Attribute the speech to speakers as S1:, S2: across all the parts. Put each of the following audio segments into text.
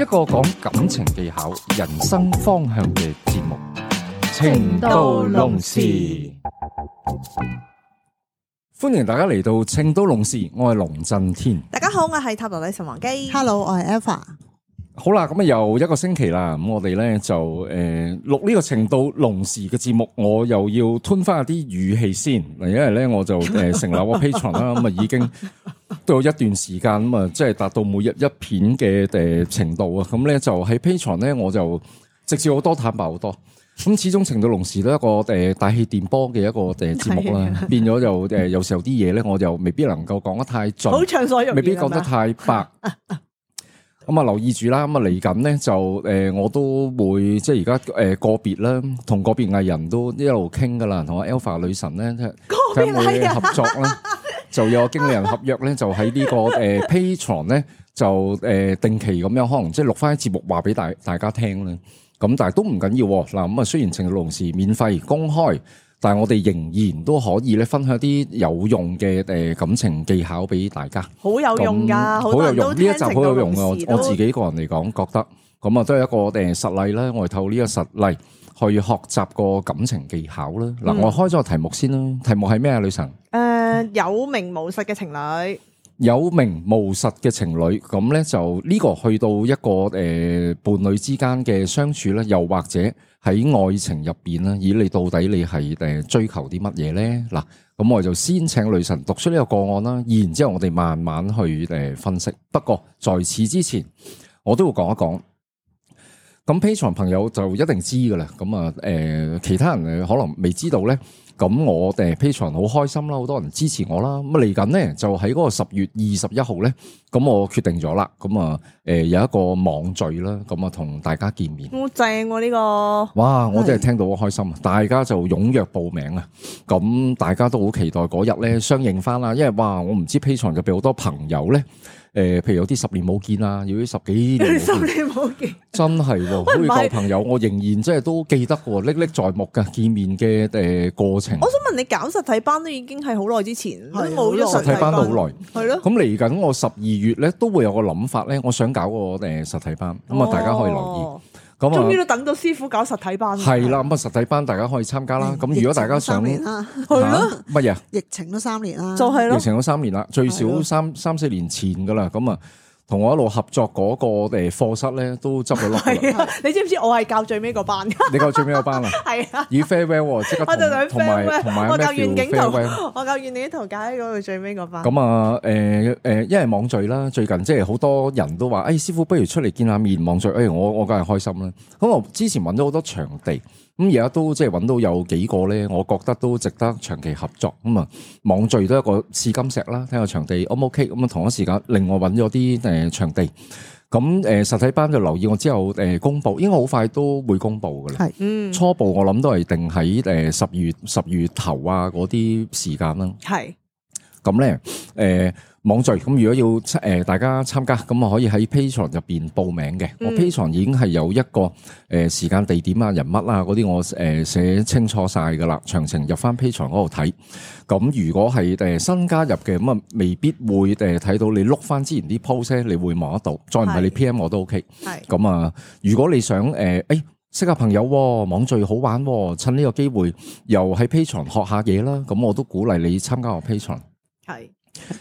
S1: 一個講感情技巧、人生方向嘅節目《情到濃時》。歡迎大家嚟到《情到濃時》，我係龍震天。大家
S2: 好，我係塔羅女神王姬。Hello，我係 Alpha。
S1: 好啦，咁啊又一個星期啦，咁、嗯、我哋咧就誒錄呢個程度龍時嘅節目，我又要吞翻啲語氣先。嗱，因為咧我就誒、呃、成立個 Patreon 啦，咁 啊已經都有一段時間，咁啊即係達到每日一片嘅誒程度啊。咁、嗯、咧就喺 Patreon 咧，我就直接好多坦白好多。咁始終程度龍時咧一個誒大氣電波嘅一個誒節目啦，是的 變咗就誒有時候啲嘢咧，我就未必能夠講得太盡，所未必講得太白。 咁啊，留意住啦！咁啊，嚟緊咧就誒、呃，我都會即係而家誒個別咧，同個別藝人都一路傾噶啦，同阿 Alpha 女神咧，就會合作啦， 就有經理人合約咧，就喺、這個呃、呢個誒 Patreon 咧，就誒、呃、定期咁樣，可能即係錄翻節目話俾大大家聽啦。咁但係都唔緊要嗱，咁啊雖然程龍是免費公開。但係我哋仍然都可以咧分享啲有用嘅誒感情技巧俾大家，好有用噶，好有用！呢一集好有用啊！我自己個人嚟講，覺得咁啊，都係一個誒實例啦。我哋透過呢個實例去學習個感情技巧啦。嗱、嗯，我開咗個題目先啦，題目係咩啊？女神
S2: 誒、呃，有名無實嘅情侶，
S1: 有名無實嘅情侶，咁咧就呢個去到一個誒伴侶之間嘅相處咧，又或者。喺愛情入邊啦，以你到底你係誒追求啲乜嘢咧？嗱，咁我就先請女神讀出呢個個案啦，然之後我哋慢慢去誒分析。不過在此之前，我都會講一講。咁 Patreon 朋友就一定知噶啦，咁啊誒，其他人誒可能未知道咧。咁我哋 Patreon 好開心啦，好多人支持我啦。咁啊嚟緊咧，就喺嗰個十月二十一號咧，咁我決定咗啦。咁啊誒有一個網聚啦，咁啊同大家見面。好
S2: 正喎呢個！哇，
S1: 我真係聽到好開心，的大家就踴躍報名啊！咁大家都好期待嗰日咧相應翻啦，因為哇，我唔知 Patreon 好多朋友咧。誒、呃，譬如有啲十年冇見啊，有啲十幾年冇見，十年見真係，好似舊朋友，我仍然真係都記得嘅，歷歷是在目嘅見面嘅誒過程。
S2: 我想問你搞實體班都已經係好耐之前，的都冇咗實，實體班都好耐，
S1: 係咯的。咁嚟緊我十二月咧，都會有個諗法咧，我想搞個誒實體班，咁啊大家可以留意。哦終於都
S2: 等到師傅搞實體班，係
S1: 啦咁啊！實體班大家可以參加啦。咁、嗯、如果大家上年啊，去咯乜嘢？
S2: 疫情都三年啦，就係咯，麼疫情
S1: 都三年啦，最少三是三四年前噶啦。咁啊。同我一路合作嗰個誒課室咧，都執咗落嚟。
S2: 你知唔知我係教最尾個班嘅？ 你
S1: 教最尾個班 啊？係啊、well,，以 farewell 即刻。我就想 f a 我教遠景圖，well 我教遠景圖教喺
S2: 嗰度最尾個
S1: 班。咁啊，誒、呃、誒，因、呃、為網聚啦，最近即係好多人都話，誒、哎，師傅不如出嚟見下面網聚，誒、哎，我我梗係開心啦。咁我之前揾咗好多場地。咁而家都即係搵到有幾個咧，我覺得都值得長期合作。咁啊，網聚都一個試金石啦，睇下場地 O 唔 O K。咁啊，同一時間另外搵咗啲誒場地。咁誒實體班就留意，我之後誒公佈，應該好快都會公佈噶啦。係，嗯，初步我諗都係定喺誒十月十月頭啊嗰啲時間啦。
S2: 係是，
S1: 咁咧誒。呃網聚，咁如果要誒大家參加，咁啊可以喺 P a 場入邊報名嘅，嗯、我 P 場已經係有一個誒時間地點啊人物啊嗰啲我誒寫清楚晒噶啦，詳情入翻 P a 場嗰度睇。咁如果係誒新加入嘅，咁啊，未必會誒睇到你碌翻之前啲 p o s e 你會望得到。再唔係你 PM 我都 OK。係咁是 啊，如果你想誒誒、欸、識下朋友，啊，網聚好玩，啊，趁呢個機會又喺 P a y 場學下嘢啦。咁我都鼓勵你參加我 P a y 場。係。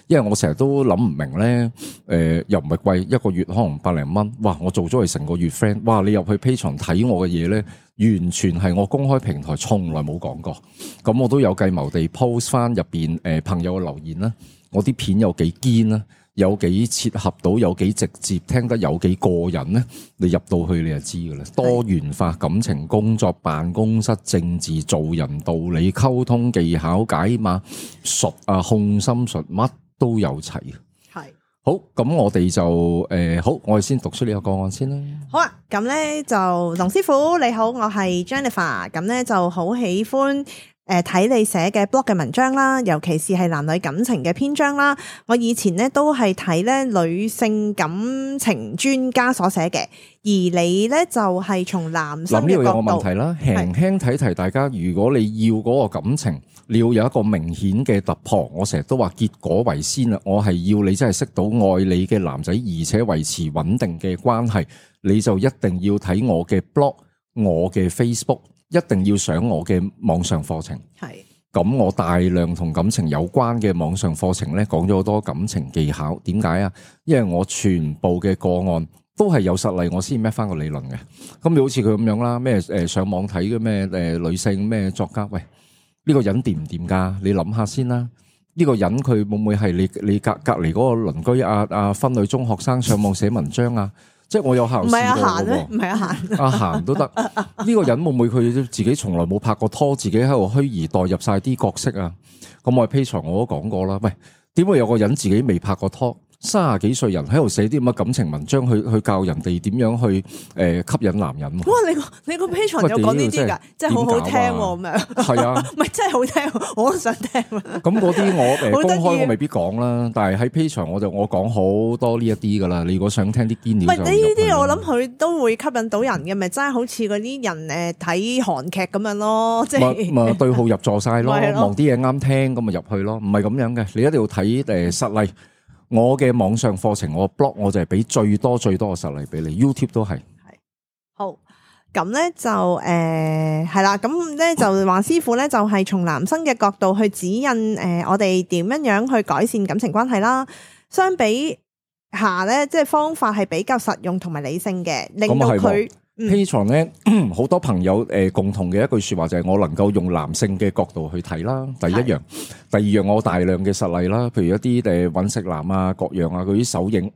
S1: 因為我成日都諗唔明咧，誒、呃，又唔係貴，一個月可能百零蚊，哇！我做咗係成個月 friend，哇！你入去 Patreon 睇我嘅嘢咧，完全係我公開平台從來冇講過，咁我都有計謀地 post 翻入邊誒朋友嘅留言啦，我啲片有幾堅啦。有幾切合到，有幾直接，聽得有幾過癮呢？你入到去，你就知噶啦。多元化感情工作、辦公室政治、做人道理、溝通技巧解碼術啊，控心術乜都有齊。係是好，咁我哋就誒、呃、好，我哋先讀出呢個個案先啦。
S2: 好啊，咁呢就龍師傅你好，我係 Jennifer，咁呢就好喜歡。誒，睇你寫嘅 blog 嘅文章啦，尤其是係男女感情嘅篇章啦。我以前咧都係睇咧女性感情專家所寫嘅，而你咧就係從男性嘅角度，諗呢個問題
S1: 啦，輕輕提提大家。如果你要嗰個感情，你要有一個明顯嘅突破，我成日都話結果為先啦。我係要你真係識到愛你嘅男仔，而且維持穩定嘅關係，你就一定要睇我嘅 blog，我嘅 Facebook。一定要上我嘅網上課程，係咁我大量同感情有關嘅網上課程咧，講咗好多感情技巧。點解啊？因為我全部嘅個案都係有實例，我先 make 翻個理論嘅。咁你好似佢咁樣啦，咩誒上網睇嘅咩誒女性咩作家，喂，呢個人掂唔掂噶？你諗下先啦。呢個人佢會唔會係你你隔隔籬嗰個鄰居啊？啊，分類中學生上網寫文章啊？即係我有行，唔係啊嫻啊，唔
S2: 係啊嫻啊，阿嫻
S1: 都得。呢個人會唔會佢自己從來冇拍過拖，自己喺度虛擬代入晒啲角色啊？咁我喺 Patreon 我都講過啦。喂，點會有個人自己未拍過拖？三十幾歲人喺度寫啲咁嘅感情文章，去去教人哋點樣去誒吸引男人。哇！你
S2: 個你個 Patreon 有講呢啲噶，真係好好聽咁樣。係啊，唔係真係好聽，我都想聽。咁嗰啲我誒公開我未必
S1: 講啦，但係喺 Patreon 我就我講好多呢一啲噶啦。你如果想聽啲堅料，唔係呢呢啲我諗
S2: 佢都會吸引到人嘅，咪真係好似嗰啲人誒睇韓劇咁樣咯，即係對
S1: 號入座晒咯，望啲嘢啱聽咁咪入去咯，唔係咁樣嘅，你一定要睇誒實例。我嘅網上課程，我 blog 我就係俾最多最多嘅實例俾你，YouTube 都係。係
S2: 好咁咧就誒係、呃、啦，咁咧就華師傅咧就係從男生嘅角度去指引誒，我哋點樣樣去改善感情關係啦。相比下咧，即係方法係比較實用同埋理性嘅，令到佢、嗯。
S1: P 床，咧，好多朋友誒、呃、共同嘅一句説話就係我能夠用男性嘅角度去睇啦，第一樣，是的 第二樣我大量嘅實例啦，譬如一啲誒揾食男啊、各樣啊嗰啲手影。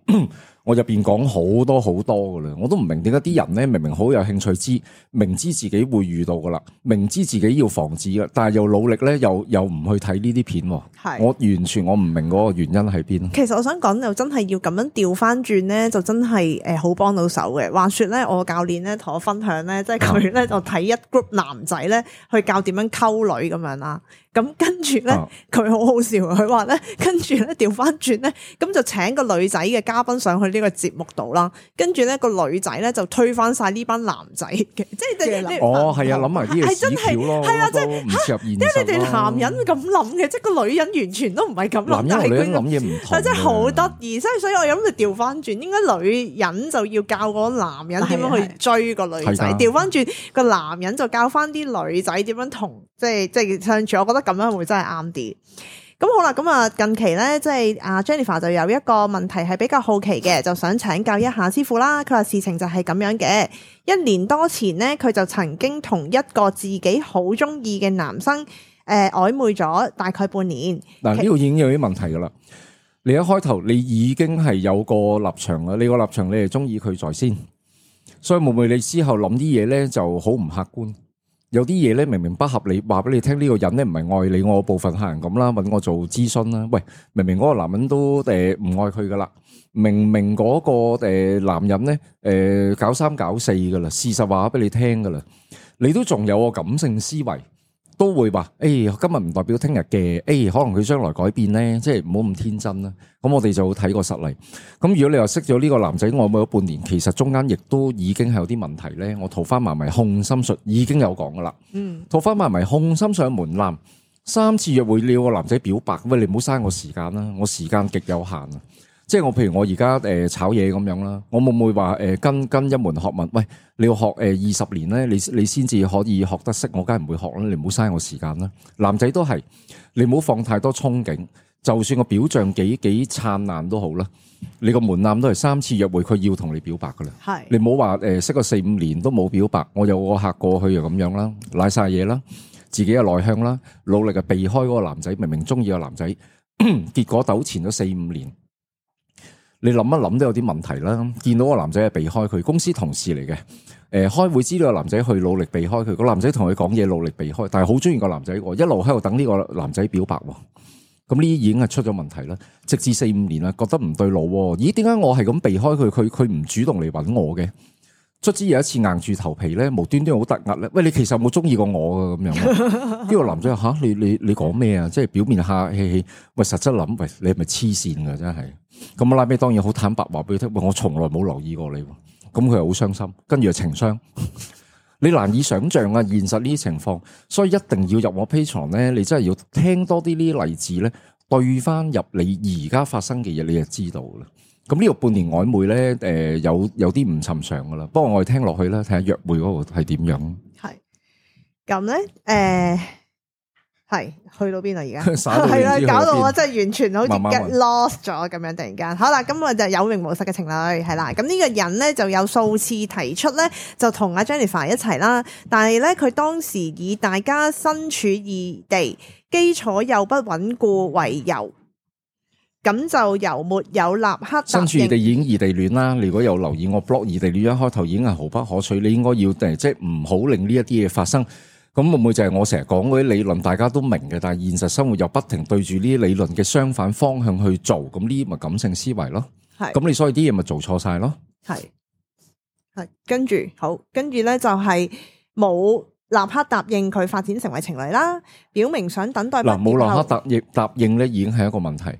S1: 我入邊講好多好多噶啦，我都唔明點解啲人咧，明明好有興趣知，明知自己會遇到噶啦，明知自己要防止噶，但係又努力咧，又又唔去睇呢啲片。係是，我完全我唔明嗰個原因喺邊。
S2: 其實我想講又真係要咁樣調翻轉咧，就真係誒好幫到手嘅。話說咧，我教練咧同我分享咧，即係佢咧就睇一 group 男仔咧去教點樣溝女咁樣啦。咁跟住咧，佢好好笑。佢話咧，跟住咧調翻轉咧，咁 就請個女仔嘅嘉賓上去呢個節目度啦。跟住咧個女仔咧就推翻晒呢班男仔嘅，即係你哋哦係
S1: 啊諗埋呢啲係真係，係啊即係即係你哋男人
S2: 咁諗嘅，即係個女人完全都唔係咁諗，男人諗嘢唔同，係真係好得意。所以所以我諗就調翻轉，應該女人就要教嗰個男人點樣去追個女仔，調翻轉個男人就教翻啲女仔點樣同即係即係相處。我覺得。咁樣會真係啱啲，咁好啦。咁啊，近期咧，即係阿 Jennifer 就有一個問題係比較好奇嘅，就想請教一下師傅啦。佢話事情就係咁樣嘅，一年多前咧，佢就曾經同一個自己好中意嘅男生誒、呃、曖昧咗大概半年。嗱，呢度已經
S1: 有啲問題噶啦。你一開頭你已經係有個立場啦，你個立場你係中意佢在先，所以妹妹你之後諗啲嘢咧就好唔客觀。有啲嘢咧，明明不合理，話俾你聽呢、這個人咧唔係愛你，我部分客人咁啦，揾我做諮詢啦。喂，明明嗰個男人都誒唔、呃、愛佢噶啦，明明嗰個誒男人咧誒、呃、搞三搞四噶啦，事實話俾你聽噶啦，你都仲有個感性思維。都會話，哎，今日唔代表聽日嘅，哎，可能佢將來改變咧，即係唔好咁天真啦。咁我哋就睇個實例。咁如果你又識咗呢個男仔，曖昧咗半年，其實中間亦都已經係有啲問題咧。我桃花麻麻控心術已經有講噶啦。嗯，桃花麻麻控心上門檻，三次約會你個男仔表白，喂，你唔好嘥我時間啦，我時間極有限啊。即係我譬如我而家誒炒嘢咁樣啦，我會唔會話誒跟跟一門學問？喂，你要學誒二十年咧，你你先至可以學得識，我梗係唔會學啦，你唔好嘥我時間啦。男仔都係，你唔好放太多憧憬，就算個表象幾幾燦爛都好啦。你個門檻都係三次約會，佢要同你表白噶啦。係是你唔好話誒識個四五年都冇表白，我有個客過去又咁樣啦，瀨晒嘢啦，自己又內向啦，努力啊避開嗰個男仔，明明中意個男仔， 結果糾纏咗四五年。你諗一諗都有啲問題啦，見到個男仔係避開佢，公司同事嚟嘅，誒、呃、開會知道個男仔去努力避開佢，個男仔同佢講嘢，努力避開，但係好中意個男仔一路喺度等呢個男仔表白，咁、嗯、呢已經係出咗問題啦。直至四五年啦，覺得唔對路，咦？點解我係咁避開佢，佢佢唔主動嚟揾我嘅？卒之有一次硬住頭皮咧，無端端好突兀咧。喂，你其實有冇中意過我啊？咁樣，呢個男仔吓，你你你講咩啊？即係表面客氣氣，喂，實質諗喂，你係咪黐線噶？真係咁拉尾，啊、媽媽當然好坦白話俾佢聽。喂，我從來冇留意過你。咁佢又好傷心，跟住又情商，你難以想象啊！現實呢啲情況，所以一定要入我 Patreon 咧，你真係要聽多啲呢啲例子咧，對翻入你而家發生嘅嘢，你就知道啦。咁呢個半年曖昧咧，誒、呃，有有啲唔尋常噶啦，不過我哋聽落去啦，睇下約會嗰個係點樣。係，
S2: 咁咧，誒、呃，係去到邊度而家？係啦， 搞到我真係完全好似 get lost 咗咁樣，慢慢突然間。好啦，咁我就有名無實嘅情侶係啦。咁呢個人咧就有數次提出咧，就同阿 Jennifer 一齊啦，但係咧佢當時以大家身處異地、基礎又不穩固為由。咁就由沒有立刻答應，身處
S1: 異地已經異地戀啦。你如果有留意我 blog，異地戀一開頭已經係毫不可取，你應該要誒，即係唔好令呢一啲嘢發生。咁會唔會就係我成日講嗰啲理論，大家都明嘅，但係現實生活又不停對住呢啲理論嘅相反方向去做，咁呢啲咪感性思維咯？係。咁你所以啲嘢咪做錯晒咯？
S2: 係。係，跟住好，跟住咧就係冇立刻答應佢發展成為情侶啦，表明想等待。嗱，冇立刻
S1: 答應，答應咧，已經係一個問題。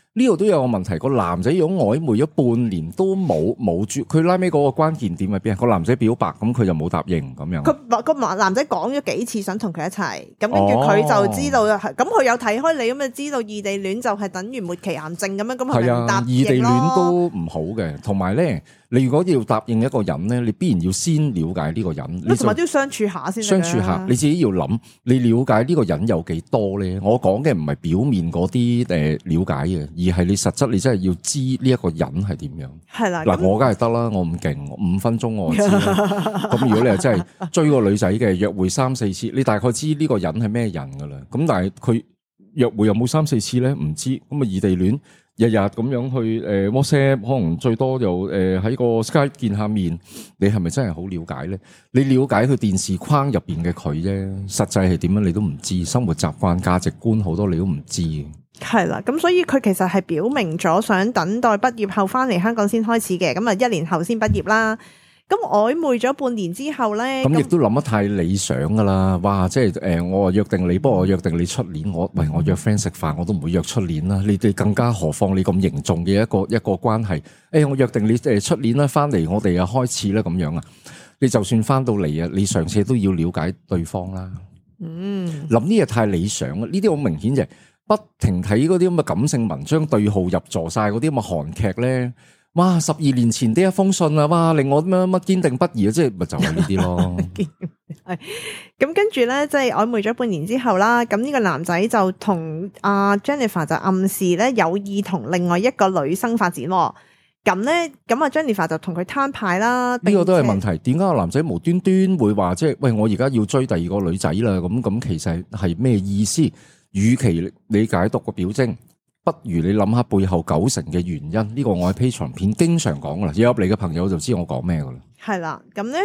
S1: 呢度都有個問題，個男仔如果曖昧咗半年都冇冇住，佢拉尾嗰個關鍵點喺邊啊？個男仔表白，咁佢就冇答應咁樣。男、
S2: 嗰個男仔講咗幾次想同佢一齊，咁跟住佢就知道啦。咁佢、哦、有睇開你，咁就知道異地戀就係等於末期癌症咁樣，係咪唔，咁係咪唔答絕異地戀都唔
S1: 好嘅，同埋咧。你如果要答應一個人咧，你必然要先了解呢個人。你同埋都要
S2: 相處下先。相處下，你自
S1: 己要諗，你了解呢個人有幾多咧？我講嘅唔係表面嗰啲誒了解嘅，而係你實質，你真係要知呢一個人係點樣。
S2: 係
S3: 的啦，嗱那，
S1: 我梗係得啦，我唔勁，我五分鐘我知。咁 如果你係真係追個女仔嘅，約會三四次，你大概知呢個人係咩人㗎喇。咁但係佢約會有冇三四次咧？唔知。咁啊，異地戀。日日咁樣去誒 WhatsApp，可能最多又誒喺個 Skype 見下面，你係咪真係好了解呢？你了解佢電視框入邊嘅佢啫，實際係點樣你都唔知，生活習慣、價值觀好多你都唔知
S2: 嘅。係啦，咁所以佢其實係表明咗想等待畢業後翻嚟香港先開始嘅，咁啊一年後先畢業啦。咁曖昧咗半年之後咧，咁亦
S1: 都諗得太理想㗎喇！哇，即係誒、呃，我約定你，不過我約定你出年，我喂，我約 friend 食飯，我都唔會約出年啦。你哋更加何況你咁凝重嘅一個一個關係？誒、欸，我約定你誒出年咧翻嚟，我哋又開始咧咁樣啊！你就算翻到嚟啊，你上次都要了解對方啦。嗯，諗呢嘢太理想啊！呢啲好明顯就係不停睇嗰啲咁嘅感性文章，對號入座晒嗰啲咁嘅韓劇咧。哇！十二年前啲一封信啊，哇！令我乜乜堅定不移啊，即係咪就係、是、 呢啲咯？係
S2: 咁跟住咧，即係曖昧咗半年之後啦，咁呢個男仔就同阿 Jennifer 就暗示咧有意同另外一個女生發展。咁咧咁啊，Jennifer 就同佢攤牌啦。呢個都係問
S1: 題，點解個男仔無端端會話即係喂，我而家要追第二個女仔啦？咁咁其實係咩意思？與其你解讀個表徵。不如你諗下背後九成嘅原因，呢、這個我喺 Patreon 片經常講噶啦，有入嚟嘅朋友就知我講咩噶啦。
S2: 係啦，咁咧，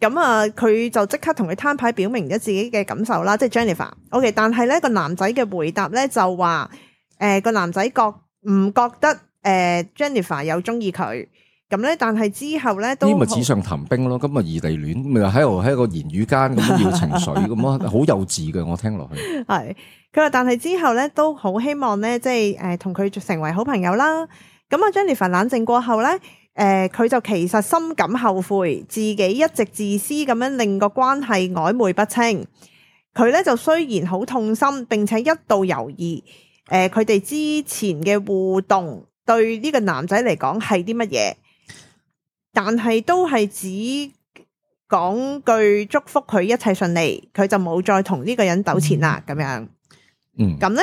S2: 咁啊，佢就即刻同佢攤牌，表明咗自己嘅感受啦。即係 Jennifer，OK，、okay, 但係咧個男仔嘅回答咧就話，誒、呃、個男仔覺唔覺得誒、呃、Jennifer 有中意佢？咁咧，但係之後咧都呢咪紙上
S1: 談兵咯，咁咪異地戀咪喺度喺個言語間咁撩情緒咁咯，好幼稚嘅我聽落去。
S2: 係佢話，但係之後咧都好希望咧，即係誒同佢成為好朋友啦。咁啊，Jennifer 冷靜過後咧，誒、呃、佢就其實深感後悔，自己一直自私咁樣令個關係曖昧不清。佢咧就雖然好痛心，並且一度猶豫，誒佢哋之前嘅互動對呢個男仔嚟講係啲乜嘢？但係都係只講句祝福佢一切順利，佢就冇再同呢個人糾纏啦，咁樣。嗯，咁樣呢，咁咧，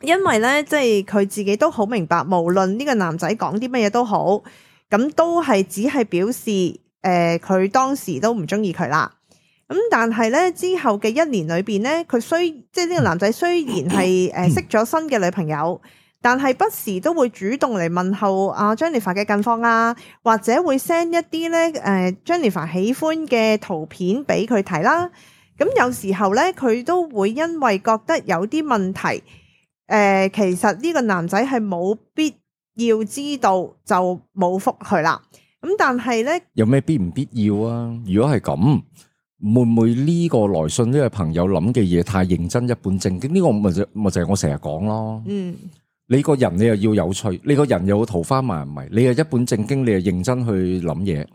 S2: 因為呢，即係佢自己都好明白，無論呢個男仔講啲乜嘢都好，咁都係只係表示，誒、呃，佢當時都唔中意佢啦。咁但係呢，之後嘅一年裏邊呢，佢雖即係呢個男仔雖然係誒、呃、識咗新嘅女朋友。嗯嗯但係不時都會主動嚟，問候阿 Jennifer 嘅近況啊，或者會 send 一啲咧，誒 Jennifer 喜歡嘅圖片俾佢睇啦。咁有時候咧，佢都會因為覺得有啲問題，誒、呃，其實呢個男仔係冇必要知道，就冇復佢啦。咁但係咧，
S1: 有咩必唔必要啊？如果係咁，會唔會呢個來信呢個朋友諗嘅嘢太認真一本正經？呢個咪就咪就係我成日講咯。嗯。你個人你又要有趣，你個人又要桃花萬迷，你又一本正經，你又認真去諗嘢，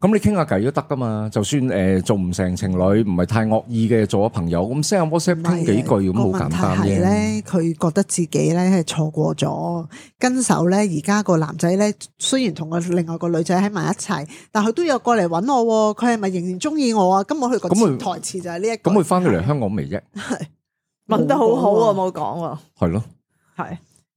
S1: 咁你傾下偈都得噶嘛？就算誒做唔成情侶，唔係太惡意嘅做咗朋友，咁 send WhatsApp 傾幾句咁好簡單嘅。個問題係咧，佢
S3: 覺得自己咧係錯過咗，跟手咧而家個男仔咧雖然同個另外個女仔喺埋一齊，但佢都有過嚟揾我，佢係咪仍然中意我啊？咁我去個潛台詞就係呢一個。咁佢
S1: 返到嚟香港未啫？係
S3: 問得好好喎，冇講喎。係咯，係。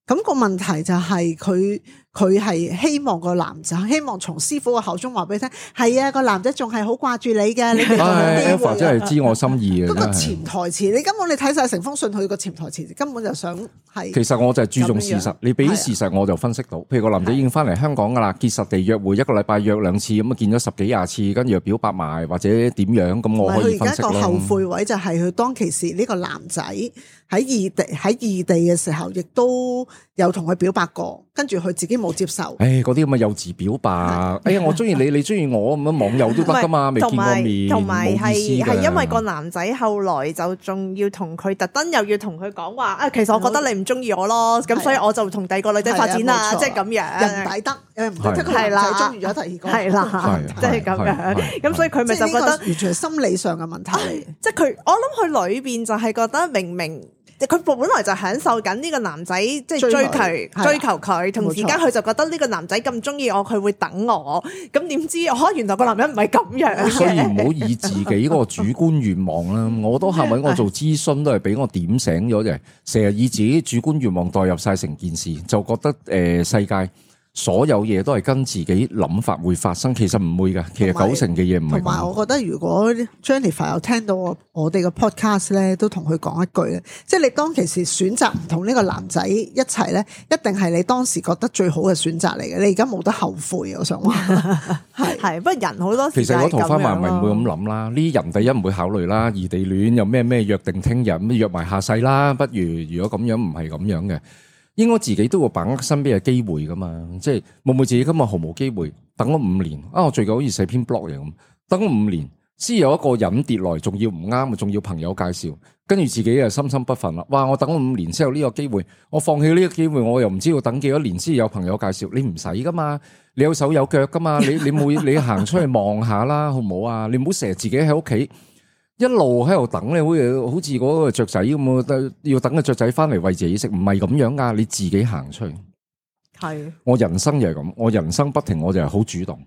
S3: 咁個問題就係佢。佢係希望個男仔，希望從師傅個口中話俾你聽，係啊，個男仔仲係好掛住你嘅，你哋仲有機會。真係知我心意啊！嗰個潛台詞，你根本你睇晒成封信，佢個潛台詞根本就想
S1: 係。其實我就係注重事實，你俾啲事實我就分析到。譬如個男仔已經翻嚟香港噶啦，結實地約會一個禮拜約兩次，咁啊見咗十幾廿次，跟住又表白埋或者點樣，咁我可以分析咯。佢而家個後悔
S3: 位就係佢當其時呢個男仔喺異地喺異地嘅時候，亦都有同佢表白過，跟住佢自己冇。接
S1: 受，唉，嗰啲咁嘅幼稚表白，哎呀，我中意你，你中意我，咁樣，網友都得噶嘛，未見過面，冇意思嘅，同埋，同埋係係因為個
S2: 男仔後來就仲要同佢特登又要同佢講話，啊，其實我覺得你唔中意我咯，咁、嗯、所以我就同第二個女仔發展啦，即係咁樣，人抵、啊、得，係啦、啊，中意咗第二個，係啦，
S3: 即係咁樣，咁、啊、所以佢咪就覺得完全係心理上嘅問題
S2: 即係佢，我諗佢裏邊就係覺得明明,明。佢本本來就享受緊呢個男仔，即係追求追，女追求佢，的同時間佢就覺得呢個男仔咁中意我，佢會等我。咁點錯知，我原來個男人唔係咁樣。所以唔好以自己嗰個
S1: 主觀願望啦、啊。 我都吓，我做諮詢都係俾我點醒咗啫，成日 以自己主觀願望代入晒成件事，就覺得誒、呃、世界。所有嘢都係跟自己諗法會發生，其實唔會㗎，其實九成嘅嘢唔會。同埋，
S3: 我覺得如果 Jennifer 有聽到我我哋嘅 podcast 咧，都同佢講一句咧，即係你當其時選擇唔同呢個男仔一齊咧，一定係你當時覺得最好嘅選擇嚟嘅，你而家冇得後
S2: 悔。我想話係係，不過 人好多時其實嗰桃花運唔會咁諗
S1: 啦，呢啲人第一唔會考慮啦，異地戀有咩咩約定聽日，咩約埋下世啦，不如如果咁樣唔係咁樣嘅。應該自己都會把握身邊嘅機會噶嘛，即係妹妹自己今日毫無機會，等咗五年啊！我最近好似寫篇 blog 嚟咁，等咗五年先有一個隱跌來，仲要唔啱，仲要朋友介紹，跟住自己又心心不忿啦！哇！我等咗五年先有呢個機會，我放棄呢個機會，我又唔知要等幾多年先有朋友介紹，你唔使噶嘛，你有手有腳噶嘛，你你冇你行出去望下啦，好唔好啊？你唔好成日自己喺屋企。一路喺度等你，好似好似嗰個雀仔咁，要等個雀仔翻嚟餵自己食，唔係咁樣㗎，你自己行出去。係的我人生又係咁，我人生不停，我就係好主動，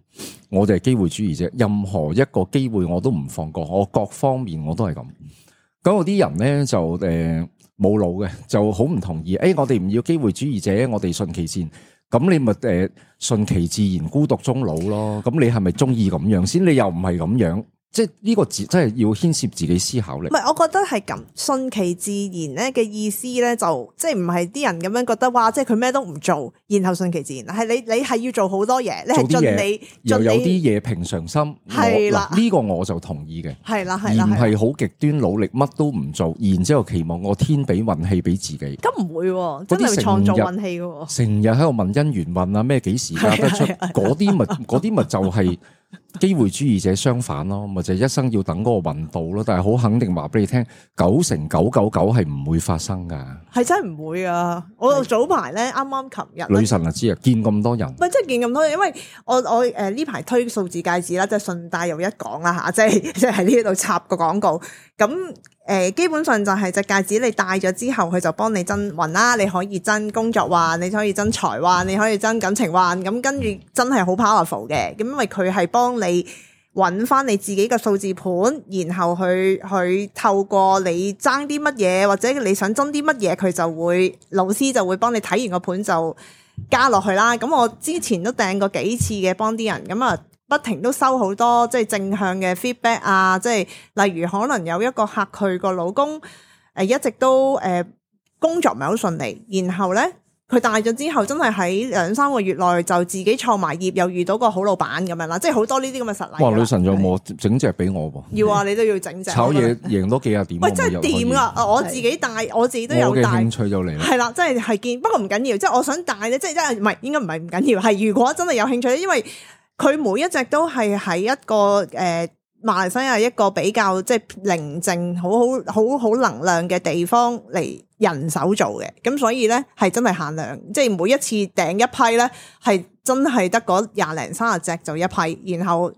S1: 我就係機會主義者。任何一個機會我都唔放過，我各方面我都係咁。咁有啲人咧就誒冇腦嘅，就好唔、呃、同意。誒、哎，我哋唔要機會主義者，我哋順其自然，咁你咪誒順其自然，孤獨終老咯。咁你係咪中意咁樣先？你又唔係咁樣？即係呢個自，即係要牽涉自己思考力。唔係，
S2: 我覺得係咁，順其自然咧嘅意思咧，就即係唔係啲人咁樣覺得，哇！即係佢咩都唔做，然後順其自然。係你，你係要做好多嘢，你盡你有啲嘢
S1: 平常心。係啦，呢的個我就同意嘅。係啦係啦，唔係好極端努力，乜都唔做，然之後期望我天俾運氣俾自己。咁
S2: 唔會、啊，真係創造運氣嘅。
S1: 成日喺度問姻緣運啊，咩幾時加得出？嗰啲咪啲咪就係。機會主義者相反咯，咪就係一生要等嗰個運到咯，但係好肯定話俾你聽，九成九九九係唔會發生噶，
S2: 係真係唔會啊！我早排咧，啱啱琴日女
S1: 神啊知啊，見咁多人，
S2: 唔係即係見咁多人，因為我我誒呢排推數字戒指啦，即係順帶又一講啦吓，即係即係喺呢度插個廣告咁。誒，基本上就係隻戒指，你戴咗之後，佢就幫你增運啦。你可以增工作運，你可以增財運，你可以增感情運，咁跟住真係好 powerful 嘅。咁因為佢係幫你揾翻你自己嘅數字盤，然後去去透過你爭啲乜嘢，或者你想爭啲乜嘢，佢就會老師就會幫你睇完個盤就加落去啦。咁、嗯、我之前都訂過幾次嘅，幫啲人咁啊。不停都收好多即係正向嘅 feedback 啊！即係例如可能有一個客，佢個老公誒，一直都誒工作唔係好順利，然後咧佢戴咗之後，真係喺兩三個月內就自己創埋業，又遇到個好老闆咁樣啦。即係好多呢啲咁嘅實例。女
S1: 神有冇整隻俾我噃？是
S2: 要啊，你都要整隻炒嘢，
S1: 贏多幾啊點？ 喂，真係掂啊，我
S2: 自己戴，是我自己都有是興
S1: 趣就嚟，係
S2: 啦，即係係見。不過唔緊要，即係我想戴咧，即係真係唔係，應該唔係唔緊要。係如果真係有興趣咧，因為。佢每一隻都係喺一個誒、呃，馬來西亞一個比較即係寧靜、好好好好能量嘅地方嚟人手做嘅，咁所以咧係真係限量，即係每一次訂一批咧係真係得嗰廿零三十隻就一批，然後。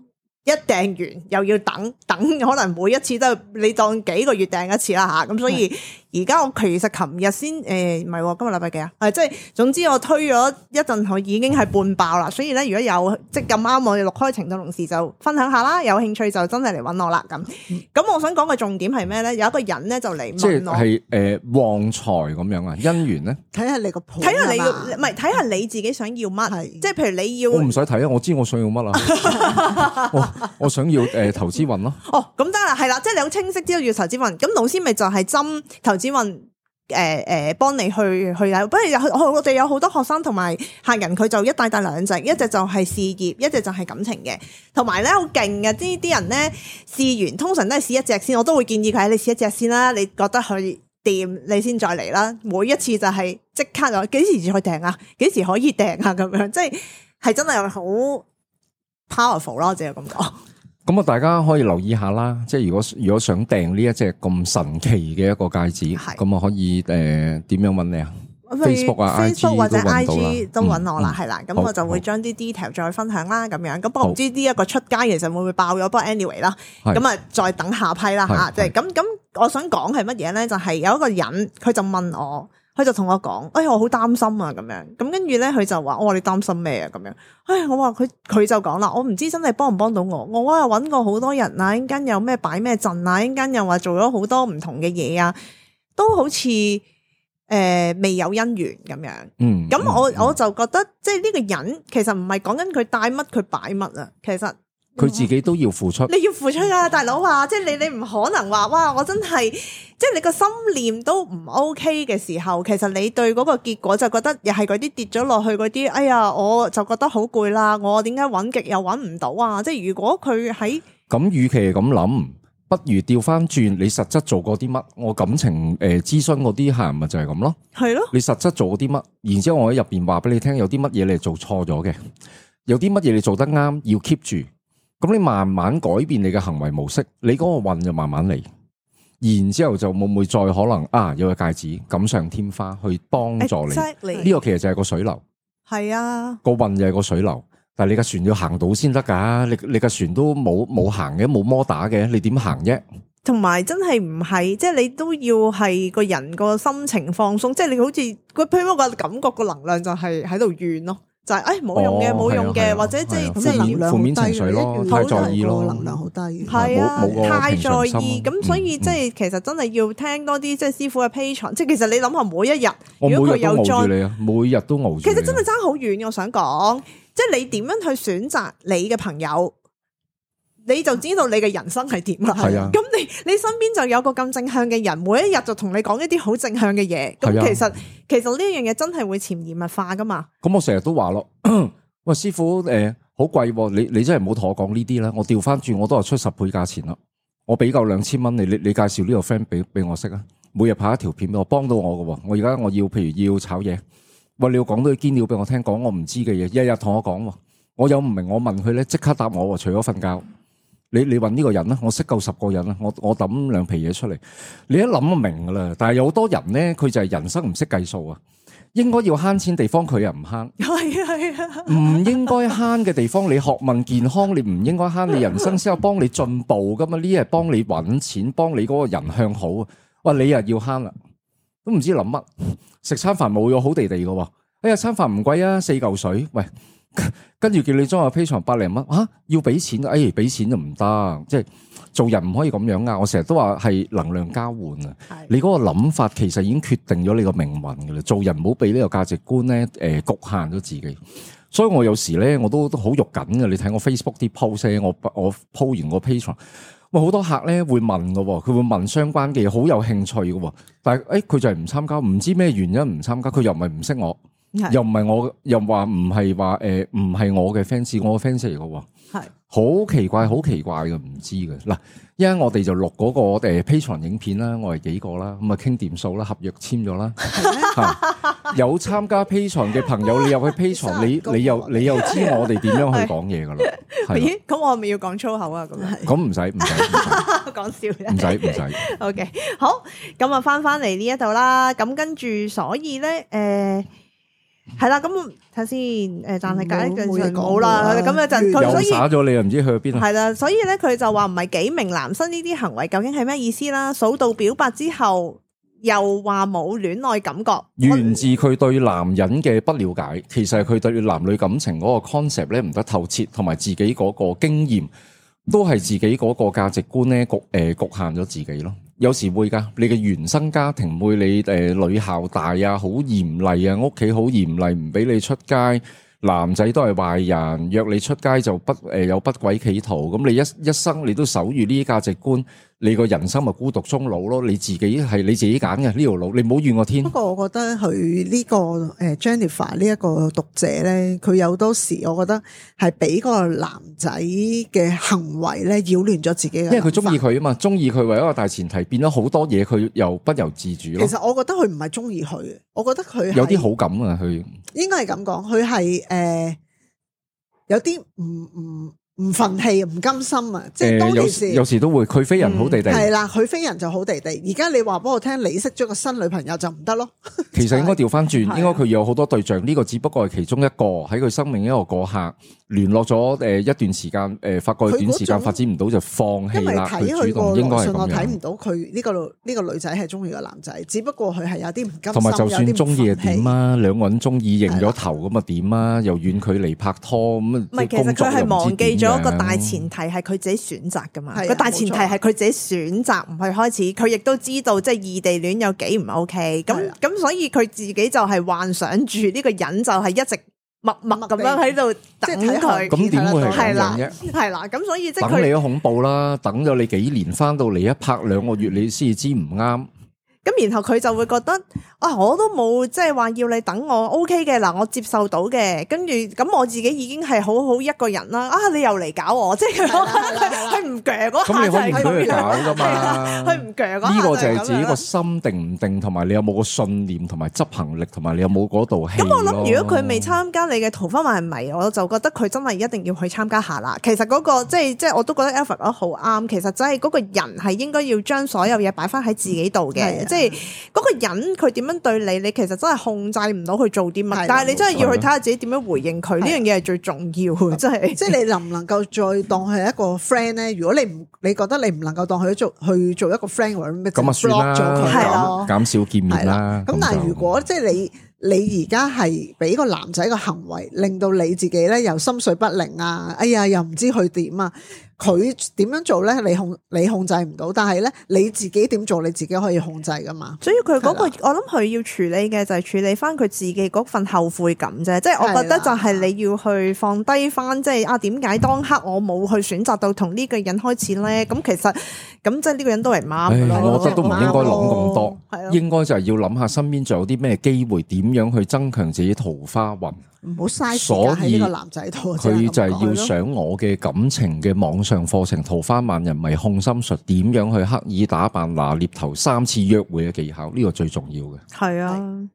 S2: 一訂完又要等，等可能每一次都你當幾個月訂一次啦吓，咁、嗯、所以而家我其實琴日先誒唔係，今日禮拜幾啊？誒、嗯，即係總之我推咗一陣，我已經係半爆啦。所以咧，如果有即係咁啱我哋錄開程度同時就分享下啦，有興趣就真係嚟搵我啦。咁咁，嗯、我想講嘅重點係咩咧？有一個人咧就嚟，即係
S1: 誒旺財咁樣啊？姻緣咧？睇
S2: 下你個，睇下你唔係睇下你自己想要乜？是即係譬如你要，我唔
S1: 使睇啊，我知我想要乜啊。 我想要誒投資運咯。
S2: 哦，咁得啦，係啦，即係你好清晰知道要投資運。咁老師咪就係針投資運誒誒，幫、呃、你去去啦。不過我哋有好多學生同埋客人，佢就一笪笪兩隻，一隻就係事業，一隻就係感情嘅。同埋咧好勁嘅，啲啲人咧試完，通常都係試一隻先。我都會建議佢，你試一隻先啦，你覺得佢掂，你先再嚟啦。每一次就係即刻啊，幾時再訂啊？幾時可以訂啊？咁樣即係係真係好。powerful 啦，只係咁講。
S1: 咁啊，大家可以留意下啦。即係如果如果想訂呢一隻咁神奇嘅一個戒指，係咁啊，可以誒點樣問你啊？Facebook 啊，Facebook 或者 IG 都揾我啦，係啦。咁我就
S2: 會將啲 detail 再分享啦。咁樣咁，我唔知呢一個出街其實會唔會爆咗？不過 anyway 啦，咁啊再等下批啦吓。即係咁咁，我想講係乜嘢咧？就係有一個人，佢就問我。佢就同我講，哎我好擔心啊，咁樣，咁跟住咧，佢就話，我話你擔心咩啊，咁樣，唉，我話佢，佢就講啦，我唔知真係幫唔幫到我，我啊揾過好多人啦，啊，一陣間有咩擺咩陣啦，一陣間又話做咗好多唔同嘅嘢啊，都好似誒、呃、未有姻緣咁樣，嗯，咁我我就覺得，嗯嗯、即係呢個人其實唔係講緊佢帶乜佢擺乜啊，其實。
S1: 佢自己都要付出，你
S2: 要付出啊，大佬啊！即係你，你唔可能話哇，我真係即係你個心念都唔 OK 嘅時候，其實你對嗰個結果就覺得又係嗰啲跌咗落去嗰啲，哎呀，我就覺得好攰啦！我點解穩極又穩唔到啊？即係如果佢喺
S1: 咁與其咁諗，不如調翻轉你實質做過啲乜？我感情誒，諮詢我啲客咪就係咁咯，係咯？你實質做啲乜？然之後我喺入邊話俾你聽，有啲乜嘢你做錯咗嘅，有啲乜嘢你做得啱，要 keep 住。咁你慢慢改變你嘅行為模式，你嗰個運就慢慢嚟，然之後就會唔會再可能啊有個戒指錦上添花去幫助你？呢 Exactly. 個其實就係個水流，
S2: 係啊，
S1: 個運又係個水流，但係你架船要行到先得噶，你你架船都冇冇行嘅，冇摩打嘅，你點行啫？
S2: 同埋真係唔係，即係你都要係個人個心情放鬆，即係你好似佢譬如我個感覺個能量就係喺度怨咯。就係，哎，冇用嘅，冇用嘅，或者即係即係能量負面，太在意
S3: 咯，能量好低，
S2: 係啊，太在意，咁所以即係其實真係要聽多啲即係師傅嘅批評，即係其實你諗下每一日，如果佢有 j
S1: 每日都傲，其實真係
S2: 爭好遠，我想講，即係你點樣去選擇你嘅朋友？你就知道你嘅人生係點啦。咁係啊，你你身邊就有個咁正向嘅人，每一日就同你講一啲好正向嘅嘢。咁係啊，其實其實呢樣嘢真係會潛移默化噶嘛。
S1: 咁我成日都話咯，喂師傅，誒、呃，好貴，你你真係唔好同我講呢啲啦。我調翻轉，我都係出十倍價錢啦。我俾夠兩千蚊你，你你介紹呢個 friend 俾俾我識啊。每日拍一條片俾我，我幫到我噶。我而家我要譬如要炒嘢，喂，你要講到啲堅料俾我聽，講我唔知嘅嘢，日日同我講。我有唔明，我問佢咧，即刻答我。除咗瞓覺。你你問呢個人啦，我識夠十個人啦，我我抌兩皮嘢出嚟，你一諗就明噶啦。但係有好多人咧，佢就係人生唔識計數啊，應該要慳錢地方佢又唔慳，
S2: 係啊係啊，
S1: 唔 應該慳嘅地方，你學問健康，你唔應該慳，你人生先有幫你進步噶嘛。呢係幫你搵錢，幫你嗰個人向好。啊。喂，你又要慳啦，都唔知諗乜，食餐飯冇咗好地地噶。哎呀，餐飯唔貴啊，四嚿水，喂。跟住 叫你裝個 Patreon 百零蚊，啊要俾錢，哎俾錢就唔得，即係做人唔可以咁樣啊！我成日都話係能量交換啊，的你嗰個諗法其實已經決定咗你個命運噶啦。做人唔好俾呢個價值觀咧，誒、呃、局限咗自己。所以我有時咧，我都好肉緊噶。你睇我 Facebook 啲 post，s, 我我鋪完個 Patreon，好多客咧會問噶，佢會問相關嘅嘢，好有興趣噶。但係誒，佢、哎、就係唔參加，唔知咩原因唔參加，佢又咪唔識我。又唔係我，又話唔係話誒，唔係我嘅 fans，我嘅 fans 嚟嘅喎，係好奇怪，好奇怪嘅，唔知嘅。嗱，一陣我哋就錄嗰個誒 Patreon 影片啦，我哋幾個啦，咁啊傾掂數啦，合約簽咗啦，有參加 Patreon 嘅朋友，你入去 Patreon，你你又你又知我哋點樣去講嘢噶啦？咦？
S2: 咁我咪要講粗口啊？咁係？
S1: 咁唔使唔使
S2: 講笑，唔使唔使。OK，好，咁啊翻翻嚟呢一度啦，咁跟住所以咧，誒。係啦，咁睇先。誒，但係隔一陣就冇啦。咁樣就佢所以打咗
S1: 你又唔知去邊度。係
S2: 啦，所以咧佢就話唔係幾明男生呢啲行為究竟係咩意思啦？數到表白之後又話冇戀愛感覺，
S1: 源自佢對男人嘅不了解。其實佢對男女感情嗰個 concept 咧唔得透徹，同埋自己嗰個經驗都係自己嗰個價值觀咧局誒局限咗自己咯。有時會噶，你嘅原生家庭會你誒、呃、女校大啊，好嚴厲啊，屋企好嚴厲，唔俾你出街。男仔都係壞人，約你出街就不誒、呃、有不軌企圖。咁你一一生你都守住呢啲價值觀。你個人生咪孤獨終老咯？你自己係你自己揀嘅呢條路，你唔好怨個天。不過我覺得佢
S3: 呢個誒 Jennifer 呢一個讀者咧，佢有好多時，我覺得係俾個男仔嘅行為咧，擾亂咗自己。因為佢
S1: 中意佢啊嘛，中意佢為一個大前提，變咗好多嘢，佢又不由自主。其實
S3: 我覺得佢唔係中意佢，我覺得佢有啲
S1: 好感啊。佢
S3: 應該係咁講，佢係誒有啲唔唔。唔忿氣唔甘心啊！即係當其時有時
S1: 都會，佢飛、嗯、人好地地係
S3: 啦，佢飛人就好地地。而家你話俾我聽，你識咗個新女朋友就唔得咯。
S1: 其實應該調翻轉， 的應該佢有好多對象，呢的個只不過係其中一個喺佢生命一個過客。聯絡咗誒一段時間誒，發覺佢短時間發展唔到就放棄啦，佢主動應該係咁樣。我睇唔
S3: 到佢呢個呢個女仔係中意個男仔，只不過佢係有啲唔甘心，同埋就算中意又點
S1: 啊？兩個人中意認咗頭咁啊點啊？又遠距離拍拖咁。唔係其實佢係忘記咗個大
S2: 前提係佢自己選擇噶嘛。個大前提係佢自己選擇唔去開始。佢亦都知道即係異地戀有幾唔 OK。咁咁所以佢自己就係幻想住呢個人就係一直。默默咁樣喺度等佢，咁
S1: 點會係人啫？
S2: 係啦，咁所以即係等你都
S1: 恐怖啦，等咗你幾年翻到嚟一拍兩個月，你先知唔啱。
S2: 咁然後佢就會覺得啊，我都冇即係話要你等我，OK 嘅嗱，我接受到嘅，跟住咁我自己已經係好好一個人啦。啊，你又嚟搞我，即係佢唔鋸嗰下係佢唔鋸嗰下。呢個就係自己個
S1: 心定唔定，同埋你有冇個信念，同埋執行力，同埋你有冇嗰度氣。咁我諗，如果佢未
S2: 參加你嘅桃花運係咪？我就覺得佢真係一定要去參加下啦。其實嗰、嗰個即係即係我都覺得 Effort 講好啱。其實真係嗰個人係應該要將所有嘢擺翻喺自己度嘅，即係嗰個人佢點樣對你，你其實真係控制唔到佢做啲乜，但係你真係要去睇下自己點樣回應佢呢樣嘢係最重要，真係，即係
S3: 你能唔能夠再當佢係一個 friend 咧？如果你唔你覺得你唔能夠當佢做去做一個 friend 或者咩嘢，咁啊，算啦，係咯，
S1: 減少見面啦。咁但係如
S3: 果即係你你而家係俾個男仔個行為令到你自己咧又心水不寧啊，哎呀又唔知佢點啊！佢點樣做咧？你控你控制唔到，但係咧
S2: 你自己點做你自己可以控制噶嘛？所以佢嗰個我諗佢要處理嘅就係處理翻佢自己嗰份後悔感啫。係啊。即係我覺得就係你要去放低翻，即係啊，點解當刻我冇去選擇到同呢個人開始咧？咁其實咁即係呢個人都
S1: 係唔啱。我覺得都唔應該諗咁多，唔啱應該就係要諗下身邊仲有啲咩機會，點樣去增強自己桃花運。
S3: 唔好嘥時間喺呢個男仔度，佢就係要上
S1: 我嘅感情嘅網上課程《桃花萬人迷控心術》，點樣去刻意打扮拿捏頭三次約會嘅技巧？呢個最重要
S2: 嘅。係啊，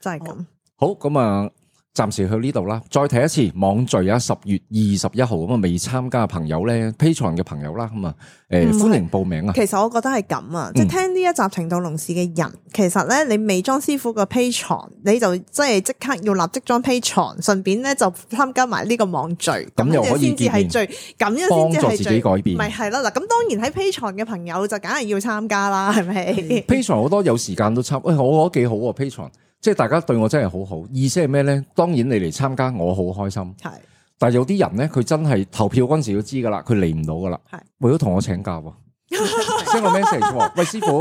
S2: 就係咁。
S1: 好，咁啊！暫時去呢度啦，再睇一次網聚啊！十月二十一號咁啊，未參加嘅朋友咧，Patreon 嘅朋友啦，咁、呃、啊，誒是，歡迎報名啊！其實我覺
S2: 得係咁啊，嗯、即係聽呢一集情到濃時嘅人，其實咧你未裝師傅個 Patreon，你就即係即刻要立即裝 Patreon，順便咧就參加埋呢個網聚，咁又可以見面，咁樣先至係最，咁樣幫助自己改變，唔係係啦嗱。咁當然喺 p a Patreon 嘅朋友就梗係要參加啦，係咪？p
S1: Patreon 好多有時間都參，喂、哎，我覺得幾好啊，Patreon。即係大家對我真係好好，意思係咩咧？當然你嚟參加，我好開心。係是的，但係有啲人咧，佢真係投票嗰陣時，都知㗎喇，佢嚟唔到㗎喇。係，為咗同我請假，send 個 message，喂，師傅，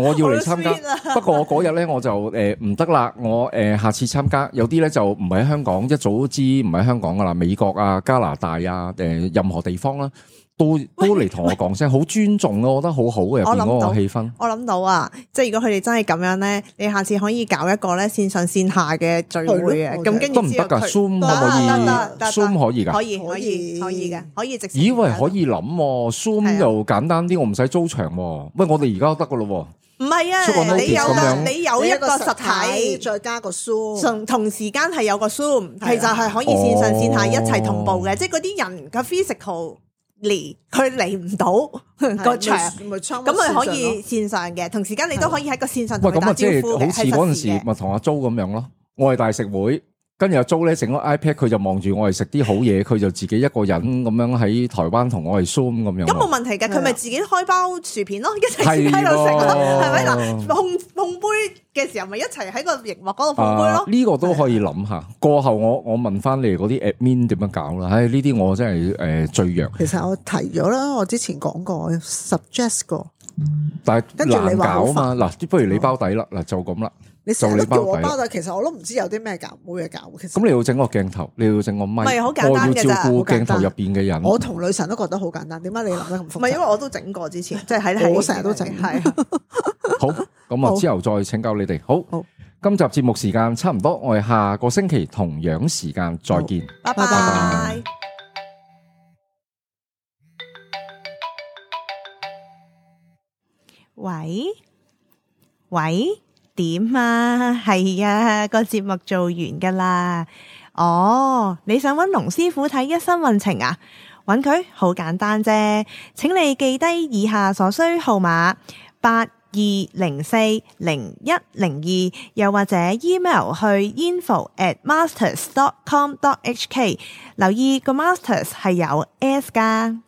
S1: 我要嚟參加，不過我嗰日咧，我就誒唔得啦，我、呃、誒下次參加。有啲咧就唔喺香港，一早知唔喺香港㗎喇，美國啊、加拿大啊，誒、呃、任何地方啦，啊。都都嚟同我講聲，好尊重咯，我覺得好好嘅，入面嗰個氣氛。我
S2: 諗到啊，即係如果佢哋真係咁樣咧，你下次可以搞一個咧線上線下嘅聚會嘅，咁跟得唔得㗎？Zoom 可唔可以？Zoom 可以㗎，可以可以可以嘅，可以直接。以為可
S1: 以諗，Zoom 又簡單啲，我唔使租場喎。喂，我哋而家都得㗎咯
S2: 喎。唔係啊，你有你有一個實體，再加個 Zoom，同時間係有個 Zoom，其實係可以線上線下一齊同步嘅，即係嗰啲人嘅 physical。嚟佢嚟唔到個場，咁佢可以線上嘅，的同時間你都可以喺個線上同佢打招呼。喂，咁即係好似嗰陣
S1: 時咪同阿租咁樣咯，我係大食會。嗯跟住租咧，整個 iPad 佢就望住我哋食啲好嘢，佢就自己一個人咁樣喺台灣同我哋 zoom 咁樣。咁冇問
S2: 題嘅，佢咪自己開包薯片咯，一齊喺度食咯，係咪？嗱，碰，碰杯嘅時候咪一齊喺個熒幕嗰度碰杯咯。
S1: 呢、啊，這個都可以諗下。的過後我我問翻你嗰啲 admin 點樣搞啦？唉，呢啲我真係誒、呃、最弱。
S3: 其實我提咗啦，我之前講過我 suggest 過，嗯、
S1: 但係難搞啊嘛。嗱、啊，不如你包底啦，嗱、啊啊、就咁啦。你就去包就，
S3: 其實我都唔知有啲咩搞，冇嘢搞。其
S1: 實咁你要整個鏡頭，你要整個咪，好簡單，我要照顧鏡頭入邊嘅人。我同
S3: 女神都覺得好簡單，點解你諗得咁複雜？唔係因為我都整過之前，即係喺我成日都整。係
S1: 好，咁啊，之後再請教你哋。好，今集節目時間差唔多，我哋下個星期同樣時間再見。
S3: 拜拜，拜拜。
S2: 喂喂。點啊？係啊，個節目做完噶啦。哦，你想揾龍師傅睇一生運程啊？揾佢好簡單啫，請你記低以下所需號碼八二零四零一零二，2, 又或者 email 去 info at masters dot com dot h k。留意個 masters 係有 s 噶。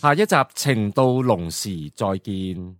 S1: 下一集情到濃時再見。